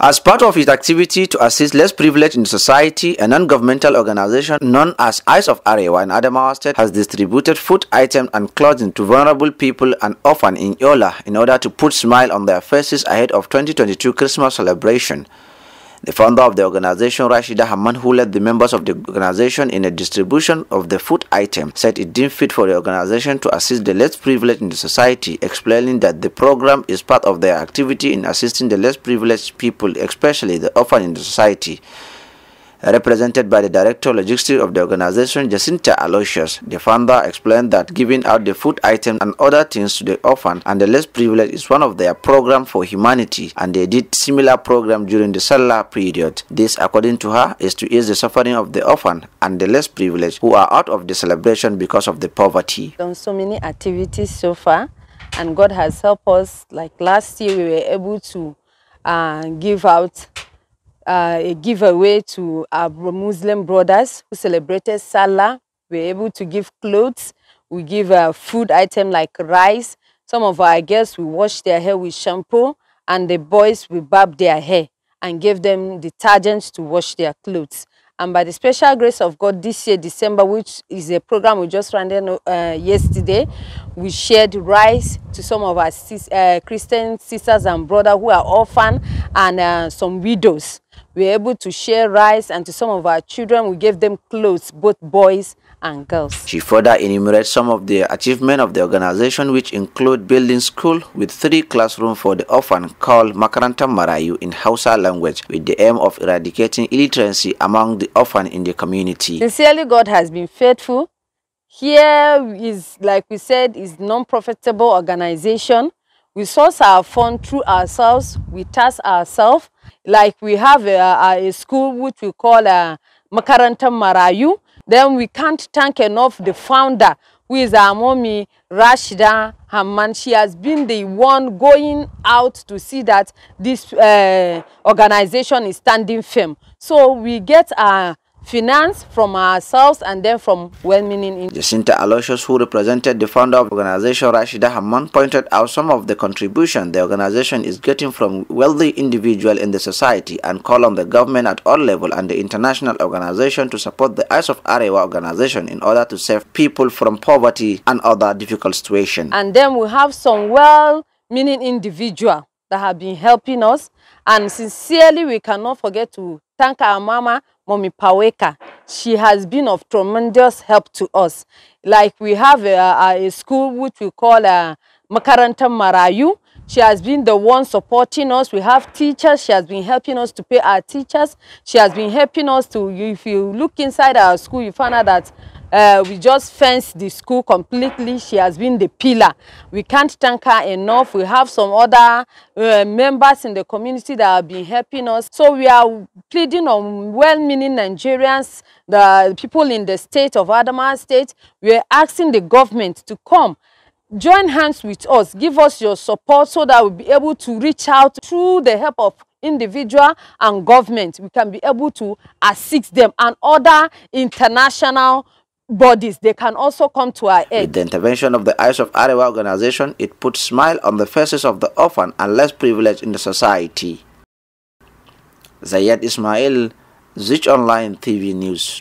As part of its activity to assist less privileged in society, a non-governmental organization known as Eyes of Arewa in Adamawa State has distributed food items and clothing to vulnerable people and orphan in Yola in order to put smile on their faces ahead of 2022 Christmas celebration. The founder of the organization, Rashida Haman, who led the members of the organization in a distribution of the food item, said it deemed fit for the organization to assist the less privileged in the society, explaining that the program is part of their activity in assisting the less privileged people, especially the orphan in the society represented by the Director of Logistics of the organization, Jacinta Aloysius. The founder explained that giving out the food items and other things to the orphan and the less privileged is one of their program for humanity and they did similar program during the Salah period. This, according to her, is to ease the suffering of the orphan and the less privileged who are out of the celebration because of the poverty. Done so many activities so far and God has helped us. Like last year, we were able to uh, give out uh, a giveaway to our Muslim brothers who celebrated Salah. We were able to give clothes. We give uh, food item like rice. Some of our girls, we wash their hair with shampoo. And the boys, we barb their hair and gave them detergents to wash their clothes. And by the special grace of God, this year, December, which is a program we just ran in, uh, yesterday, we shared rice to some of our sis uh, Christian sisters and brothers who are orphan and uh, some widows. We were able to share rice and to some of our children, we gave them clothes, both boys and girls. She further enumerates some of the achievements of the organization, which include building school with three classrooms for the orphan called Makaranta Marayu in Hausa language, with the aim of eradicating illiteracy among the orphan in the community. Sincerely, God has been faithful. Here is, like we said, is non-profitable organization we source our fund through ourselves. We task ourselves. Like we have a, a school which we call uh, Makaranta Marayu. Then we can't thank enough the founder, who is our mommy, Rashida Haman. She has been the one going out to see that this uh, organization is standing firm. So we get our uh, finance from ourselves and then from well-meaning. Jacinta Aloysius, who represented the founder of organization Rashida Haman, pointed out some of the contribution the organization is getting from wealthy individuals in the society and called on the government at all level and the international organization to support the Eyes of Arewa organization in order to save people from poverty and other difficult situations. And then we have some well-meaning individual that have been helping us and sincerely we cannot forget to thank our mama, Mommy Paweka. She has been of tremendous help to us. Like we have a, a school which we call uh, Makaranta Marayu. She has been the one supporting us. We have teachers. She has been helping us to pay our teachers. She has been helping us to, if you look inside our school, you find out that Uh, we just fenced the school completely. She has been the pillar. We can't thank her enough. We have some other uh, members in the community that have been helping us. So we are pleading on well-meaning Nigerians, the people in the state of Adamawa State. We are asking the government to come join hands with us give us your support so that we'll be able to reach out through the help of individual and government we can be able to assist them and other international bodies, they can also come to our aid. With the intervention of the Eyes of Arewa organization, it puts smile on the faces of the orphan and less privileged in the society. Zayed Ismail, Zich Online TV News.